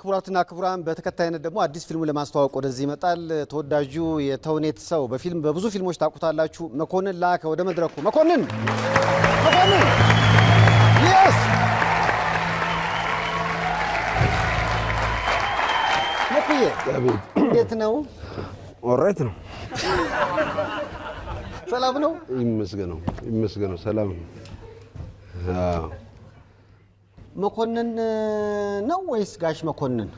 ክቡራትና ክቡራን በተከታይነት ደግሞ አዲስ ፊልሙን ለማስተዋወቅ ወደዚህ ይመጣል። ተወዳጁ የተውኔት ሰው በፊልም በብዙ ፊልሞች ታውቁታላችሁ። መኮንን ላከ ወደ መድረኩ። መኮንን መኮንን ስ መኩዬ እንዴት ነው? ኦራይት ነው። ሰላም ነው። ይመስገነው ይመስገነው። ሰላም ነው። መኮንን ነው ወይስ ጋሽ መኮንን?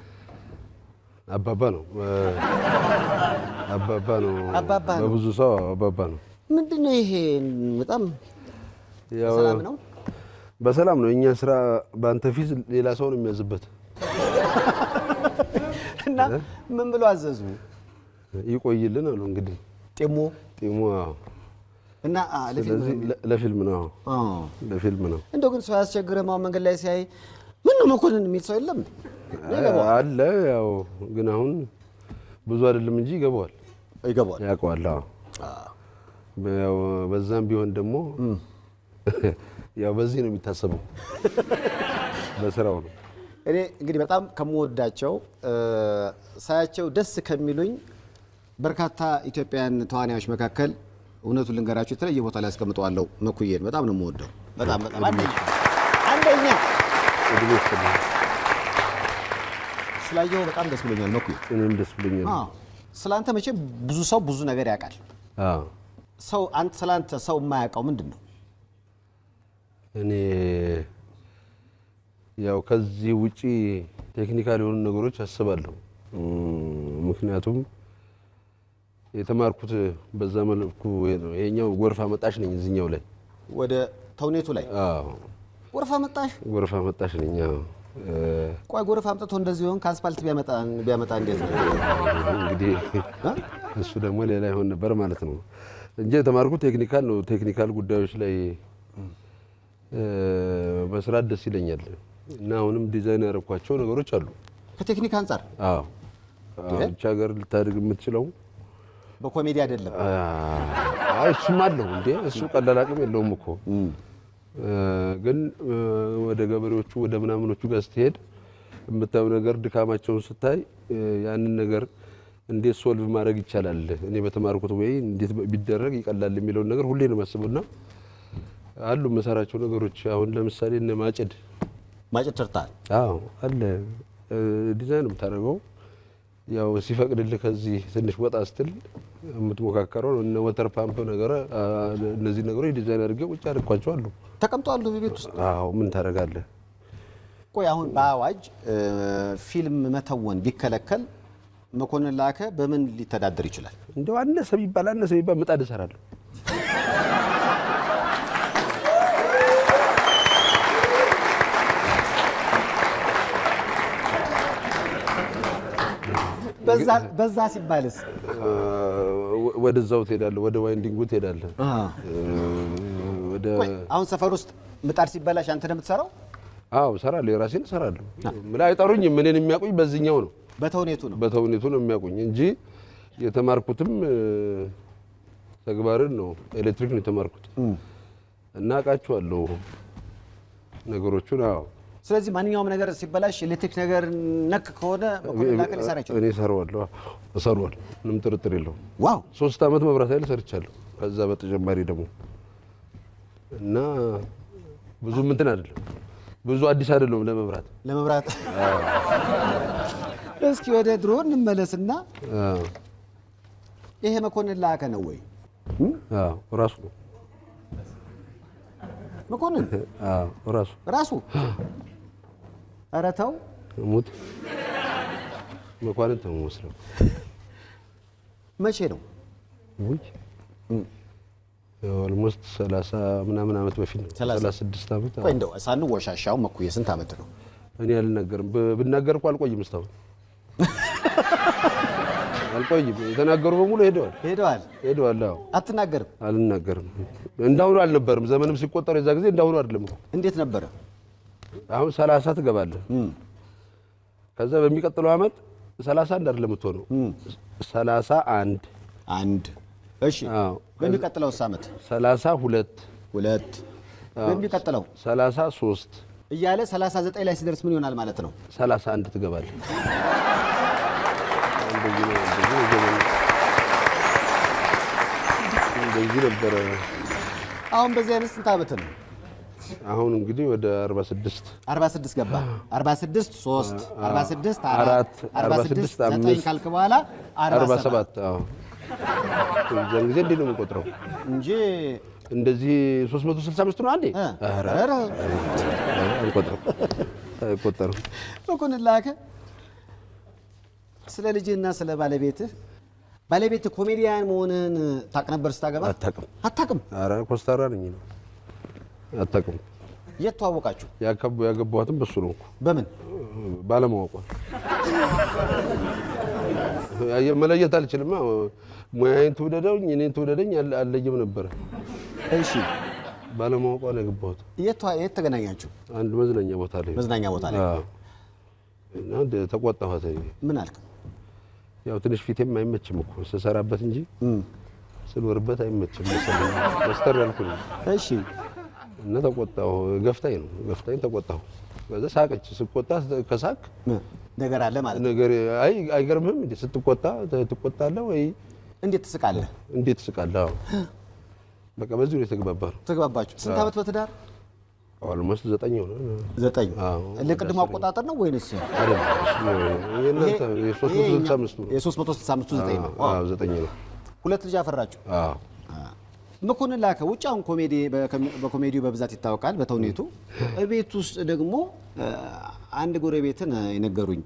አባባ ነው አባባ ነው አባባ ነው። በብዙ ሰው አባባ ነው። ምንድን ነው ይሄ? በጣም ሰላም ነው በሰላም ነው። እኛ ስራ በአንተ ፊት ሌላ ሰው ነው የሚያዝበት። እና ምን ብሎ አዘዙ? ይቆይልን አሉ እንግዲህ ጢሙ ጢሙ እና ለፊልም ነው ለፊልም ነው። እንደው ግን ሰው ያስቸግረህ ማው መንገድ ላይ ሲያይ ምን ነው መኮንን የሚል ሰው የለም አለ። ያው ግን አሁን ብዙ አይደለም እንጂ ይገባዋል፣ ይገባዋል፣ ያውቀዋል። ያው በዛም ቢሆን ደግሞ ያው በዚህ ነው የሚታሰበው፣ በስራው ነው። እኔ እንግዲህ በጣም ከምወዳቸው ሳያቸው ደስ ከሚሉኝ በርካታ ኢትዮጵያውያን ተዋናዮች መካከል እውነቱን ልንገራቸው የተለየ ቦታ ላይ ያስቀምጠዋለሁ። መኩዬን በጣም ነው የምወደው። በጣም በጣም አንደኛ ስላየው በጣም ደስ ብሎኛል። መኩዬ እኔም ደስ ብሎኛል። ስላንተ መቼም ብዙ ሰው ብዙ ነገር ያውቃል። ሰው አንተ ስላንተ ሰው የማያውቀው ምንድን ነው? እኔ ያው ከዚህ ውጪ ቴክኒካል የሆኑ ነገሮች አስባለሁ ምክንያቱም የተማርኩት በዛ መልኩ ይሄኛው ጎርፍ አመጣሽ ነኝ። እዚህኛው ላይ ወደ ተውኔቱ ላይ ጎርፍ አመጣሽ ጎርፍ አመጣሽ ነኝ። ቆይ ጎርፍ አምጥቶ እንደዚህ ሆን ከአስፓልት ቢያመጣ እንዴት ነው እንግዲህ፣ እሱ ደግሞ ሌላ ይሆን ነበር ማለት ነው እንጂ የተማርኩት ቴክኒካል ነው። ቴክኒካል ጉዳዮች ላይ መስራት ደስ ይለኛል እና አሁንም ዲዛይን ያደረኳቸው ነገሮች አሉ ከቴክኒክ አንጻር ብቻ ሀገር ልታድግ የምትችለው በኮሜዲ አይደለም። እሱም አለው እንዴ እሱ ቀላል አቅም የለውም እኮ ግን ወደ ገበሬዎቹ ወደ ምናምኖቹ ጋር ስትሄድ የምታዩ ነገር ድካማቸውን ስታይ ያንን ነገር እንዴት ሶልቭ ማድረግ ይቻላል፣ እኔ በተማርኩት ወይ እንዴት ቢደረግ ይቀላል የሚለውን ነገር ሁሌ ነው የማስበውና አሉ መሰራቸው ነገሮች አሁን ለምሳሌ እነ ማጭድ ማጭድ ሰርተሃል? አዎ አለ ዲዛይን የምታደርገው ያው ሲፈቅድልህ ከዚህ ትንሽ ወጣ ስትል የምትሞካከረው እነ ወተር ፓምፕ ነገር እነዚህ ነገሮች ዲዛይን አድርጌ ቁጭ አድርኳቸዋለሁ። ተቀምጠዋል ቤት ውስጥ። አዎ ምን ታደርጋለህ? ቆይ አሁን በአዋጅ ፊልም መተወን ቢከለከል መኮንን ላከ በምን ሊተዳደር ይችላል? እንደው አነሰ ቢባል አነሰ ቢባል ምጣድ እሰራለሁ። በዛ ሲባልስ ወደዛው ትሄዳለህ፣ ወደ ዋይንዲንጉ ትሄዳለህ። አሁን ሰፈር ውስጥ ምጣድ ሲበላሽ አንተ ነው የምትሰራው? አዎ እሰራለሁ፣ የራሴን እሰራለሁ። ምን አይጠሩኝም። እኔን የሚያውቁኝ በዚህኛው ነው፣ በተውኔቱ ነው፣ በተውኔቱ ነው የሚያውቁኝ እንጂ የተማርኩትም ተግባርን ነው። ኤሌክትሪክ ነው የተማርኩት እና አውቃቸዋለሁ ነገሮቹን። አዎ ስለዚህ ማንኛውም ነገር ሲበላሽ ኤሌክትሪክ ነገር ነክ ከሆነ እኔ እሰራዋለሁ እሰራዋለሁ፣ ምንም ጥርጥር የለውም። ዋው ሶስት አመት መብራት ኃይል ሰርቻለሁ። ከዛ በተጨማሪ ደግሞ እና ብዙ ምንትን አይደለም ብዙ አዲስ አይደለም ለመብራት ለመብራት። እስኪ ወደ ድሮ እንመለስና ይሄ መኮንን ላከ ነው ወይ? አዎ ራሱ ነው መኮንን ራሱ ራሱ ኧረ ተው ሙት መኳንን ተው መቼ ነው ውይ ኦልሞስት ሰላሳ ምናምን ዓመት በፊት ነው። 36 ስድስት ዓመት ቆይ፣ እንደው ሳንወሻሻው መኩ የስንት ዓመት ነው? እኔ አልናገርም። ብናገር እኮ አልቆይም እስካሁን አልቆይም። የተናገሩ በሙሉ ሄደዋል ሄደዋል ሄደዋል። አዎ አትናገርም? አልናገርም። እንዳሁኑ አልነበርም። ዘመንም ሲቆጠር የዛ ጊዜ እንዳሁኑ አይደለም። እንዴት ነበረ? አሁን ሰላሳ ትገባለህ። ከዛ በሚቀጥለው አመት ሰላሳ አንድ አይደለም የምትሆነው ሰላሳ አንድ አንድ። እሺ በሚቀጥለው አመት ሰላሳ ሁለት ሁለት በሚቀጥለው ሰላሳ ሶስት እያለ 39 ላይ ሲደርስ ምን ይሆናል ማለት ነው? ሰላሳ ትገባለህ። እንደዚህ ነበረ። አሁን በዚህ አይነት ስንት ዓመት ነው? አሁን እንግዲህ ወደ 46 46 ገባ 46 3 46 4 46 9 ካልክ በኋላ 47 አዎ። እዚያን ጊዜ እንዴት ነው የምቆጥረው እንጂ እንደዚህ 365 ነው አንዴ አልቆጥረው አልቆጥረው። መኮንን ስለ ልጅህና ስለ ባለቤትህ ባለቤት ኮሜዲያን መሆንህን ታቅ ነበር ስታገባ? አታቅም። አታቅም? ኧረ ኮስታራ ነኝ ነው። አታቅም። የት ተዋወቃችሁ? ያገባኋትም በሱ ነው እኮ። በምን ባለማወቋ። መለየት አልችልማ። ሙያዬን ትውደደኝ፣ እኔን ትውደደኝ፣ አለየም ነበረ። እሺ ባለማወቋ ነው ያገባሁት። የት ተገናኛችሁ? አንድ መዝናኛ ቦታ ላይ። መዝናኛ ቦታ ላይ ተቆጣኋት። ምን አልክ? ያው ትንሽ ፊቴም አይመችም እኮ ስሰራበት እንጂ ስኖርበት አይመችም መሰለኝ መስተር ያልኩኝ። እሺ እና ተቆጣሁ። ገፍታኝ ነው ገፍታኝ ተቆጣሁ። ከዛ ሳቀች። ስቆጣ ከሳቅ ነገር አለ ማለት ነገር አይ አይገርምህም እንዴ? ስትቆጣ ትቆጣለህ ወይ እንዴት ትስቃለህ? እንዴት ትስቃለህ? በቃ በዚህ ነው የተግባባነው። ተግባባችሁ። ስንት ዓመት በትዳር ኦልሞስት ዘጠኝ ሆነ። ዘጠኝ ለቅድሞ አቆጣጠር ነው ወይንስ የሶስት መቶ ስልሳ አምስቱ ዘጠኝ ነው? ዘጠኝ ነው። ሁለት ልጅ አፈራችሁ። መኮንን ላከ ውጭ አሁን በኮሜዲው በብዛት ይታወቃል በተውኔቱ። እቤት ውስጥ ደግሞ አንድ ጎረቤትን የነገሩኝ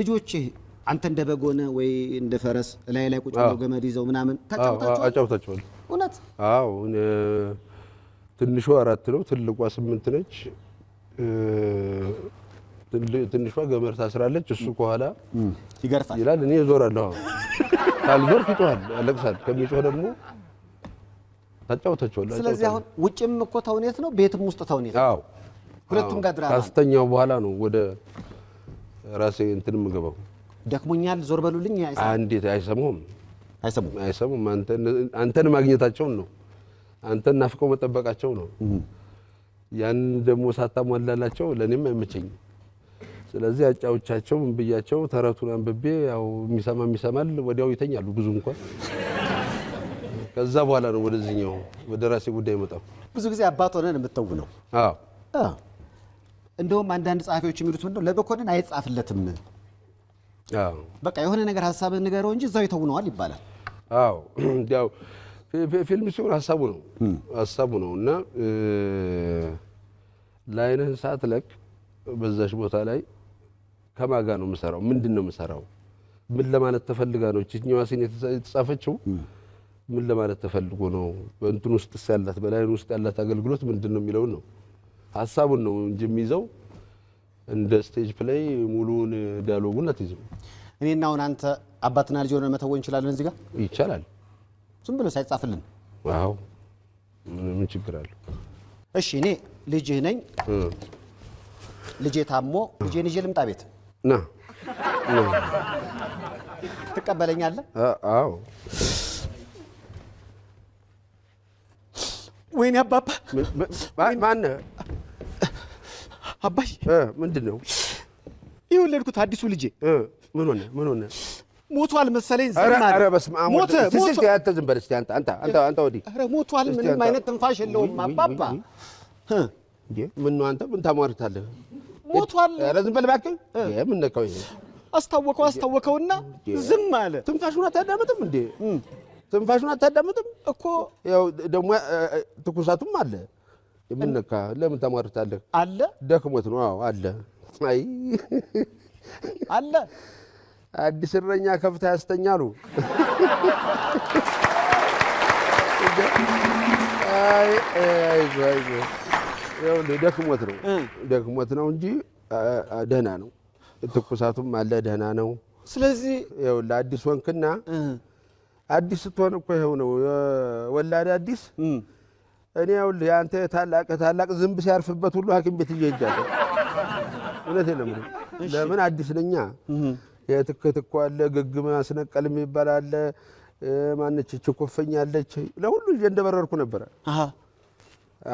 ልጆች አንተ እንደ በጎነ ወይ እንደ ፈረስ ላይ ላይ ቁጭ ገመድ ይዘው ምናምን ታጫውታቸዋል። እውነት? አዎ ትንሿ አራት ነው፣ ትልቋ ስምንት ነች። ትንሿ ገመድ ታስራለች። እሱ ከኋላ ይገርፋል ይላል። እኔ እዞራለሁ። ካልዞር ይጮሃል፣ ያለቅሳል። ከሚጮህ ደግሞ ታጫውታቸዋለህ። ስለዚህ አሁን ውጭም እኮ ተውኔት ነው፣ ቤትም ውስጥ ተውኔት ነው። ሁለቱም ጋር ድራማ። ካስተኛው በኋላ ነው ወደ ራሴ እንትን የምገባው። ደክሞኛል፣ ዞር በሉልኝ። እንዴት አይሰማሁም? አይሰሙም፣ አይሰሙም። አንተን ማግኘታቸውን ነው አንተን ናፍቀው መጠበቃቸው ነው። ያን ደግሞ ሳታሟላላቸው ለእኔም አይመቸኝም። ስለዚህ አጫዎቻቸው ምን ብያቸው ተረቱን አንብቤ ያው የሚሰማ የሚሰማል ወዲያው ይተኛሉ። ብዙ እንኳን ከዛ በኋላ ነው ወደዚህኛው ወደ ራሴ ጉዳይ መጣው ብዙ ጊዜ አባት ሆነን የምትተውነው። ነው። አዎ። እንደውም አንዳንድ ጸሐፊዎች የሚሉት ምንድነው ለመኮንን አይጻፍለትም። አዎ በቃ የሆነ ነገር ሀሳብህን ንገረው እንጂ እዛው ይተውነዋል ይባላል። አዎ ያው ፊልም ሲሆን ሀሳቡ ነው ሀሳቡ ነው እና ለአይንህን ሰዓት ለቅ በዛሽ ቦታ ላይ ከማጋ ነው የምሰራው፣ ምንድን ነው የምሰራው፣ ምን ለማለት ተፈልጋ ነው ችኛዋ ሲን የተጻፈችው፣ ምን ለማለት ተፈልጎ ነው፣ በእንትን ውስጥ ያላት በላይን ውስጥ ያላት አገልግሎት ምንድን ነው የሚለውን ነው ሀሳቡን ነው እንጂ የሚይዘው እንደ ስቴጅ ፕላይ ሙሉውን ዳያሎጉን አትይዝም። እኔና አሁን አንተ አባትና ልጅ ሆነ መተወን እንችላለን። እዚህ ጋር ይቻላል። ዝም ብሎ ሳይጻፍልን። አዎ ምን ችግር አለው? እሺ እኔ ልጅህ ነኝ። ልጄ ታሞ ልጄን ይዤ ልምጣ ቤት ና። ትቀበለኛለህ? አዎ። ወይኔ አባባ ማነህ? አባይ ምንድን ነው የወለድኩት አዲሱ ልጄ ምን ሆነ? ምን ሆነ? ሞቷል መሰለኝ። ዝም አለ በስመ አብ ሞተ ሞተ። አንተ ዝም በል እስኪ አንተ አንተ አንተ አንተ ወዲህ። ኧረ ሞቷል፣ ምንም አይነት ትንፋሽ የለውም አባባ። እንዴ ምን ነው አንተ ምን ታሟርታለህ? ሞቷል። ኧረ ዝም በል እባክህ። ምን ነካው ይሄ? አስታወቀው አስታወቀውና ዝም አለ። ትንፋሹን አታዳምጥም እንዴ? ትንፋሹን አታዳምጥም እኮ። ያው ደግሞ ትኩሳቱም አለ። ምን ነካ? ለምን ታሟርታለህ? አለ ደክሞት ነው። አዎ አለ። አይ አለ አዲስ እረኛ ከፍታ ያስተኛሉ። ደክሞት ነው ደክሞት ነው እንጂ ደህና ነው። ትኩሳቱም አለ ደህና ነው። ስለዚህ ይኸውልህ አዲስ ወንክና አዲስ ስትሆን እኮ ይኸው ነው ወላድ አዲስ እኔ ይኸውልህ የአንተ ታላቅ ታላቅ ዝንብ ሲያርፍበት ሁሉ ሐኪም ቤት እየሄጃለሁ። እውነቴን ነው ለምን አዲስ ነኛ የትክትኩ አለ፣ ግግም አስነቀል የሚባል አለ። ማነች እች ኮፈኝ አለች። ለሁሉ ይዤ እንደበረርኩ ነበረ።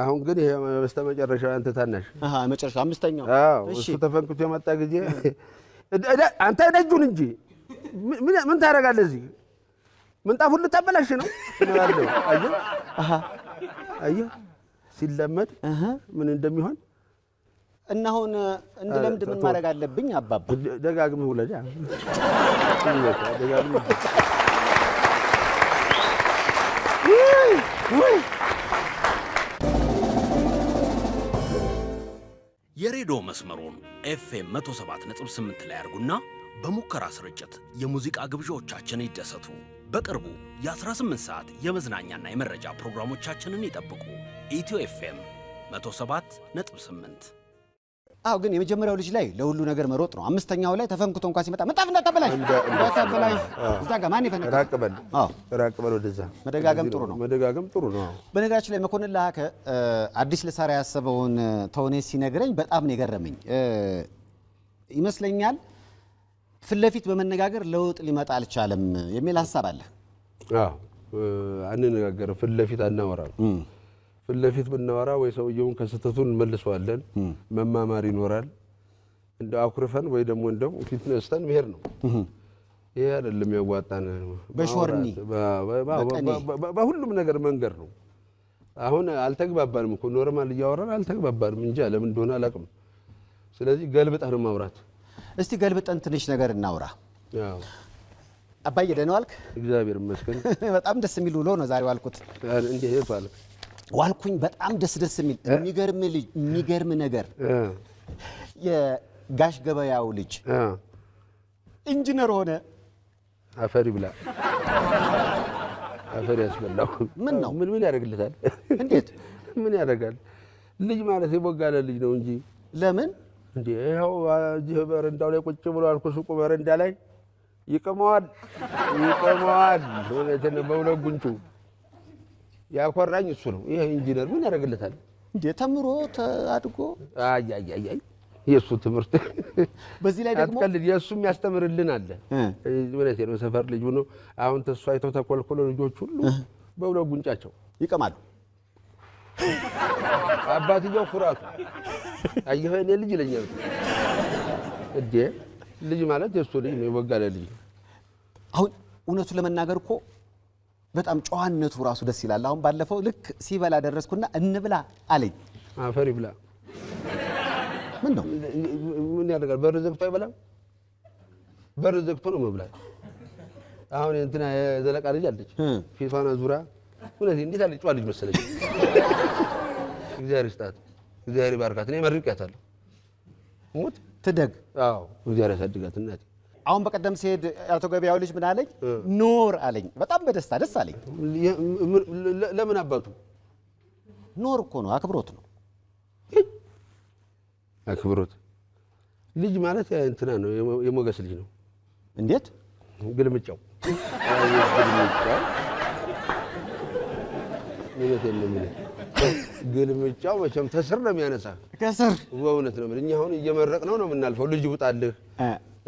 አሁን ግን ይሄ በስተ መጨረሻ አንተ ታናሽ መጨረሻ አምስተኛው እሱ ተፈንክቶ የመጣ ጊዜ አንተ ነጁን እንጂ ምን ታደርጋለህ? እዚህ ምንጣፉን ልታበላሽ ነው። አየህ ሲለመድ ምን እንደሚሆን እና አሁን እንድለምድ ምን ማድረግ አለብኝ? አባባ ደጋግመህ ውለድ። የሬዲዮ መስመሩን ኤፍኤም 178 ላይ አድርጉና በሙከራ ስርጭት የሙዚቃ ግብዣዎቻችን ይደሰቱ። በቅርቡ የ18 ሰዓት የመዝናኛና የመረጃ ፕሮግራሞቻችንን ይጠብቁ። ኢትዮ ኤፍኤም 178 አዎ ግን የመጀመሪያው ልጅ ላይ ለሁሉ ነገር መሮጥ ነው። አምስተኛው ላይ ተፈንክቶ እንኳን ሲመጣ ምንጣፍ እንዳታበላሽ እንዳታበላሽ፣ እዛ ጋር ማን ይፈነክ? ራቅ በል፣ አዎ ራቅ በል ወደዛ። መደጋገም ጥሩ ነው፣ መደጋገም ጥሩ ነው። በነገራችን ላይ መኮንን ለሀከ አዲስ ልሰራ ያሰበውን ተውኔት ሲነግረኝ በጣም ነው የገረመኝ። ይመስለኛል ፊት ለፊት በመነጋገር ለውጥ ሊመጣ አልቻለም የሚል ሀሳብ አለ። አዎ አንነጋገር፣ ፊት ለፊት አናወራም ፊት ለፊት ብናወራ ወይ ሰውየውን ከስህተቱ እንመልሰዋለን። መማማር ይኖራል። እንደ አኩርፈን ወይ ደግሞ እንደው ፊት ነስተን መሄድ ነው። ይሄ አይደለም ያዋጣን። በሾርኒ በሁሉም ነገር መንገድ ነው። አሁን አልተግባባንም እኮ ኖርማል እያወራን አልተግባባንም እንጂ ለምን እንደሆነ አላውቅም። ስለዚህ ገልብጠን ማውራት። እስቲ ገልብጠን ትንሽ ነገር እናውራ። አባዬ ደህና ዋልክ? እግዚአብሔር ይመስገን። በጣም ደስ የሚል ውሎ ነው ዛሬ ዋልኩት። እንዴት ዋልክ? ዋልኩኝ። በጣም ደስ ደስ የሚል የሚገርም ልጅ የሚገርም ነገር የጋሽ ገበያው ልጅ ኢንጂነር ሆነ። አፈር ይብላ አፈር ያስበላው። ምን ነው ምን ምን ያደርግልታል? እንዴት ምን ያደርጋል? ልጅ ማለት የቦጋለ ልጅ ነው እንጂ ለምን እንዴ ይኸው እዚህ በረንዳው ላይ ቁጭ ብሎ አልኩ። ሱቁ በረንዳ ላይ ይቅመዋል፣ ይቅመዋል በሁለት ጉንጩ ያኮራኝ እሱ ነው። ይሄ ኢንጂነር ምን ያደርግለታል እንዴ? ተምሮ አድጎ አይ አይ አይ የእሱ ትምህርት በዚህ ላይ ደግሞ አትቀልድ፣ የእሱም የሚያስተምርልን አለ። እውነቴ ነው። ሰፈር ልጅ ሆኖ አሁን ተሱ አይተው ተኮልኮሎ ልጆች ሁሉ በብለው ጉንጫቸው ይቀማሉ። አባትየው ኩራቱ አየኸው የእኔ ልጅ ይለኛል እንዴ። ልጅ ማለት የእሱ ልጅ ነው፣ የወጋለ ልጅ። አሁን እውነቱን ለመናገር እኮ በጣም ጨዋነቱ ራሱ ደስ ይላል። አሁን ባለፈው ልክ ሲበላ ደረስኩና እንብላ አለኝ። አፈር ይብላ። ምን ነው ምን ያደርጋል? በር ዘግቶ አይበላም። በር ዘግቶ ነው መብላት። አሁን እንትና የዘለቃ ልጅ አለች፣ ፊቷን አዙራ ሁለት እንዴት አለች። ጨዋ ልጅ መሰለች። እግዚአብሔር ይስጣት፣ እግዚአብሔር ይባርካት። እኔ መርቄያታለሁ። ሙት ትደግ። አዎ እግዚአብሔር ያሳድጋት እናቴ አሁን በቀደም ሲሄድ አቶ ገበያው ልጅ ምን አለኝ? ኖር አለኝ። በጣም በደስታ ደስ አለኝ። ለምን አባቱ ኖር እኮ ነው፣ አክብሮት ነው። አክብሮት ልጅ ማለት እንትና ነው፣ የሞገስ ልጅ ነው። እንዴት ግልምጫው ግልምጫው መቼም ተስር ነው የሚያነሳ ከስር በእውነት ነው። እኛ አሁን እየመረቅ ነው ነው የምናልፈው ልጅ ውጣልህ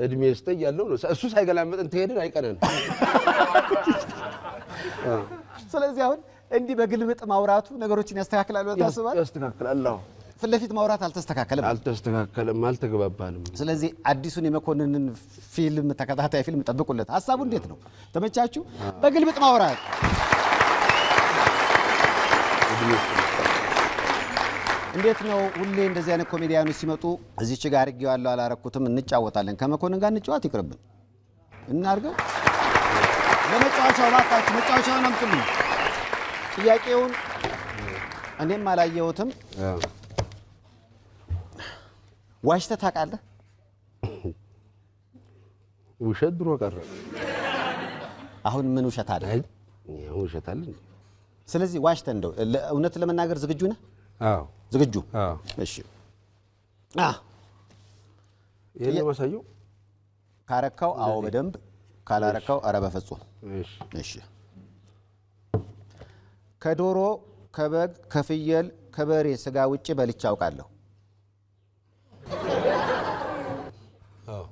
እድሜ ስጠ ያለው ነው። እሱ ሳይገላመጠን ተሄድን አይቀረን። ስለዚህ አሁን እንዲህ በግልብጥ ማውራቱ ነገሮችን ያስተካክላል ታስባል? ያስተካክላል። ፊት ለፊት ማውራት አልተስተካከለም፣ አልተስተካከለም፣ አልተግባባንም። ስለዚህ አዲሱን የመኮንንን ፊልም ተከታታይ ፊልም ጠብቁለት። ሀሳቡ እንዴት ነው? ተመቻችሁ? በግልምጥ ማውራት እንዴት ነው ሁሌ እንደዚህ አይነት ኮሜዲያኖች ሲመጡ እዚች ጋር አድርጌዋለሁ አላረኩትም፣ እንጫወታለን። ከመኮንን ጋር እንጫወት ይቅርብን፣ እናርገው ለመጫወቻው እባካችሁ ነው ምትሉ ጥያቄውን እኔም አላየሁትም። ዋሽተ ታውቃለህ? ውሸት ድሮ ቀረ። አሁን ምን ውሸት አለ? ውሸት አለ። ስለዚህ ዋሽተ እንደው እውነት ለመናገር ዝግጁ ነህ? አዎ ዝግጁ? እሺ። ይህን ማሳየው ካረካው፣ አዎ በደንብ ካላረካው፣ አረ በፍጹም እሺ። ከዶሮ ከበግ ከፍየል ከበሬ ስጋ ውጭ በልቻ አውቃለሁ።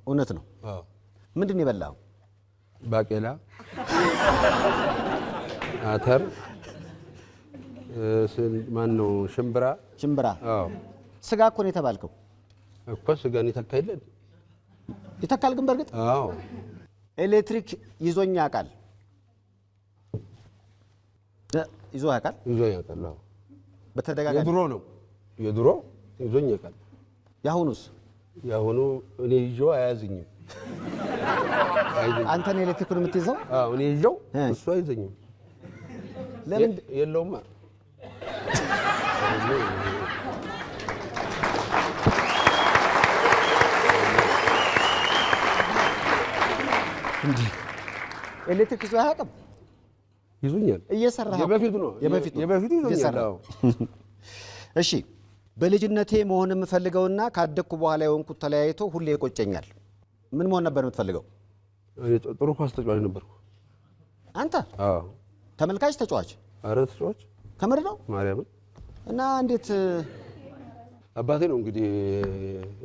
እውነት ነው። ምንድን ነው ባቄላ፣ አተር ማን ነው? ሽምብራ ሽምብራ። ስጋ እኮ ነው የተባልከው እኮ ስጋን ይተካ ይተካል። ግን በእርግጥ አዎ ኤሌክትሪክ ይዞኝ ያውቃል። ይዞ ያውቃል። ይዞ ያውቃል። አዎ በተደጋጋሚ የድሮ ነው የድሮ ይዞኝ ያውቃል። የአሁኑስ የአሁኑ እኔ ይዤው አያዝኝም። አንተን ኤሌክትሪኩን የምትይዘው? አዎ እኔ ይዤው እሱ አይዘኝም። ለምን የለውማ ኤሌክትሪክ ይዞ አያውቅም። ይዞኛል። እየሰራህ የበፊቱ ነው የበፊቱ ይዞኛል። እሺ በልጅነቴ መሆን የምፈልገውና ካደግኩ በኋላ የሆንኩት ተለያይቶ ሁሌ ይቆጨኛል። ምን መሆን ነበር የምትፈልገው? ጥሩ ኳስ ተጫዋች ነበርኩ። አንተ ተመልካች ተጫዋች? ኧረ ተጫዋች ከምር ነው ማርያምን እና እንዴት አባቴ ነው እንግዲህ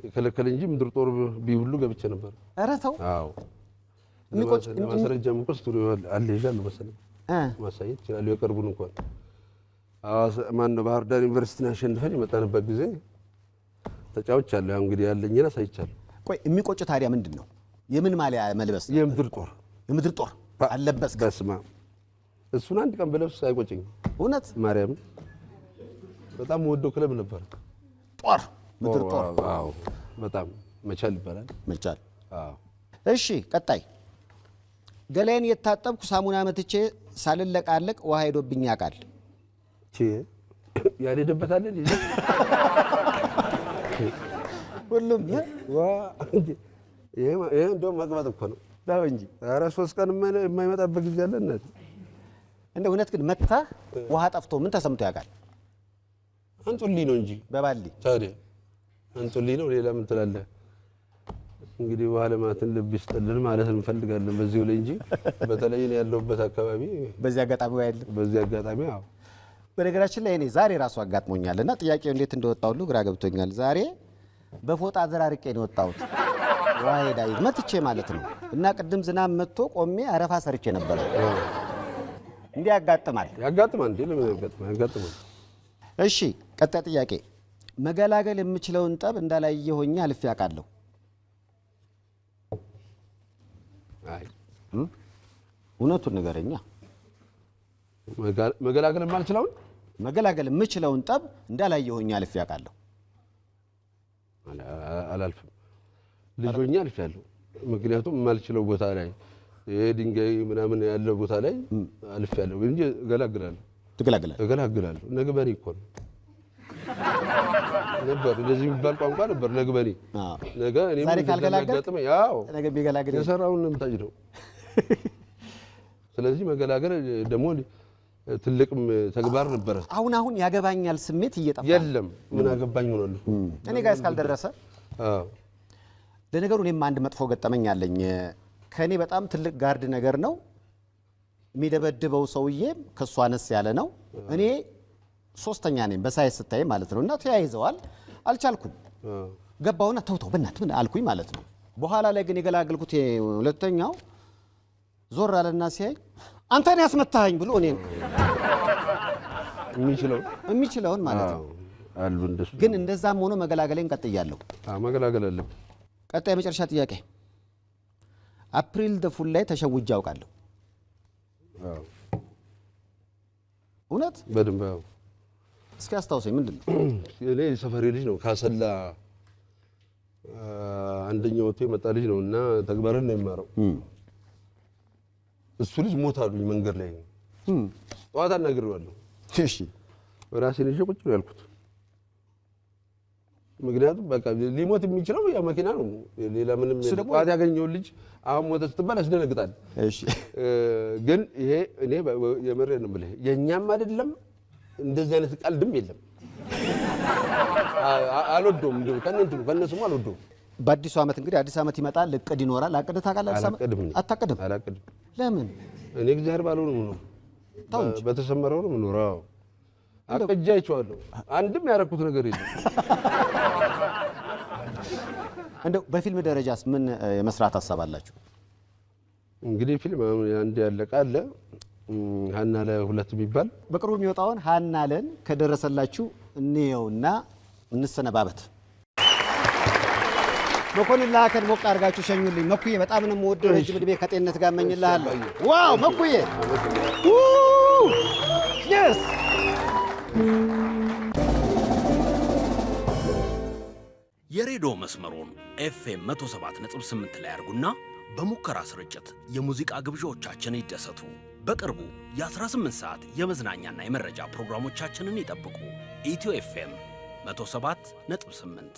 የከለከለ እንጂ ምድር ጦር ቢውሉ ገብቼ ነበር። ኧረ ተው ማስረጃም እኮ ስቱዲዮ አለ ይዣለሁ መሰለኝ ማሳየት እችላለሁ። የቅርቡን እንኳን ማን ነው ባህር ዳር ዩኒቨርሲቲን አሸንፈን የመጣንበት ጊዜ ተጫውቻለሁ። ያው እንግዲህ ያለኝን አሳይቻለሁ። ቆይ የሚቆጭ ታዲያ ምንድን ነው? የምን ማሊያ መልበስ? የምድር ጦር የምድር ጦር አለበስ በስማ እሱን አንድ ቀን በለብስ አይቆጭኝ። እውነት ማርያም በጣም ወዶ ክለብ ነበር። ጦር ምድር ጦር። አዎ በጣም መቻል ይባላል። መቻል። አዎ እሺ። ቀጣይ ገላይን የታጠብኩ ሳሙና መትቼ ሳልለቃለቅ ውሃ ሄዶብኝ ያውቃል። እቺ ያልሄደበት አለ እንዴ? ሁሉም ዋ ይሄ ይሄ እንደውም መቅበጥ እኮ ነው። ዳው እንጂ ኧረ ሶስት ቀን የማይመጣበት ጊዜ አለ እናት እንደ እውነት ግን መታ ውሃ ጠፍቶ ምን ተሰምቶ ያውቃል? አንጡሊ ነው እንጂ በባሊ ታዲያ አንጡሊ ነው። ሌላ ምን ትላለህ? እንግዲህ ውሃ ልማትን ልብ ይስጠልን ማለት እንፈልጋለን በዚሁ ላይ እንጂ በተለይ ያለሁበት አካባቢ በዚህ አጋጣሚ ያለ በዚህ አጋጣሚ አዎ። በነገራችን ላይ እኔ ዛሬ ራሱ አጋጥሞኛል እና ጥያቄው እንዴት እንደወጣው ሁሉ ግራ ገብቶኛል። ዛሬ በፎጣ ዘራርቄ ነው የወጣሁት ውሃ ሄዳ መትቼ ማለት ነው እና ቅድም ዝናብ መጥቶ ቆሜ አረፋ ሰርቼ ነበረ እንዲህ ያጋጥማል ያጋጥማል ለምን ያጋጥማል። ያጋጥማል እሺ ቀጣይ ጥያቄ፣ መገላገል የምችለውን ጠብ እንዳላየ ሆኜ አልፌ አውቃለሁ። እውነቱን ንገረኛ። መገላገል የማልችለውን መገላገል የምችለውን ጠብ እንዳላየ ሆኜ አልፌ አውቃለሁ። አላልፍም። ልጆኛ አልፌያለሁ። ምክንያቱም የማልችለው ቦታ ላይ ይሄ ድንጋይ ምናምን ያለ ቦታ ላይ አልፍ ያለው እንጂ እገላግላለሁ። ትገላግላለህ? እገላግላለሁ። ነግበኔ እኮ ነው ነበር እንደዚህ የሚባል ቋንቋ ነበር። ነግበኔ ነገ እኔም ካልገላገልጥመኝ ያው ነገ ቢገላግል የሰራውን ነው የምታጭደው። ስለዚህ መገላገል ደግሞ ትልቅም ተግባር ነበረ። አሁን አሁን ያገባኛል ስሜት እየጠፋ የለም። ምን አገባኝ ሆናለሁ እኔ ጋር እስካልደረሰ። ለነገሩ እኔም አንድ መጥፎ ገጠመኝ አለኝ። ከእኔ በጣም ትልቅ ጋርድ ነገር ነው። የሚደበድበው ሰውዬ ከእሱ አነስ ያለ ነው። እኔ ሶስተኛ ነኝ በሳይ ስታይ ማለት ነው። እና ተያይዘዋል። አልቻልኩም። ገባውና ተውተው በእናትህ ምን አልኩኝ ማለት ነው። በኋላ ላይ ግን የገላገልኩት ሁለተኛው ዞር አለና ሲያይ አንተን ያስመታኸኝ ብሎ እኔ የሚችለውን ማለት ነው። ግን እንደዛም ሆኖ መገላገሌን ቀጥያለሁ። መገላገል አለብህ። ቀጣይ የመጨረሻ ጥያቄ አፕሪል ደፉል ላይ ተሸውጅ አውቃለሁ። እውነት በደንብ እስኪ አስታውሰኝ፣ ምንድን ነው እኔ ሰፈሪ ልጅ ነው ካሰላ አንደኛ ወጥቶ የመጣ ልጅ ነው እና ተግባርን ነው የሚማረው። እሱ ልጅ ሞት አሉኝ መንገድ ላይ ጠዋት አናግሬዋለሁ። እሺ ራሴን ይዤ ቁጭ ነው ያልኩት ምክንያቱም በቃ ሊሞት የሚችለው ያ መኪና ነው። ሌላ ምንም ጠዋት ያገኘውን ልጅ አሁን ሞተ ስትባል ያስደነግጣል። ግን ይሄ እኔ የምሬ ነው ብለ የእኛም አይደለም እንደዚህ አይነት ቀልድም የለም። አልወደውም እንዲ ከነንትኑ ከነስሙ አልወደውም። በአዲሱ ዓመት እንግዲህ አዲስ ዓመት ይመጣል። እቅድ ይኖራል። አቅድ ታውቃለህ? አታቅድም? ለምን? እኔ እግዚአብሔር ባለው ነው የምኖረው፣ በተሰመረው ነው ምኖረው አቀጃይቸዋለሁ። አንድም ያደረኩት ነገር የለም። እንደው በፊልም ደረጃስ ምን የመስራት ሀሳብ አላችሁ? እንግዲህ ፊልም አንድ ያለቀ አለ ሀና ለሁለት የሚባል በቅርቡ የሚወጣውን ሀና ለን ከደረሰላችሁ እንየውና እንሰነባበት። መኮንን ለአከን ሞቅ አድርጋችሁ ሸኙልኝ። መኩዬ በጣም ነው የምወደው። ረጅም ከጤንነት ጋር እመኝልሃለሁ። ዋው መኩዬ የሬዲዮ መስመሩን ኤፍኤም 107.8 ላይ አድርጉና በሙከራ ስርጭት የሙዚቃ ግብዣዎቻችን ይደሰቱ። በቅርቡ የ18 ሰዓት የመዝናኛና የመረጃ ፕሮግራሞቻችንን ይጠብቁ። ኢትዮ ኤፍኤም 178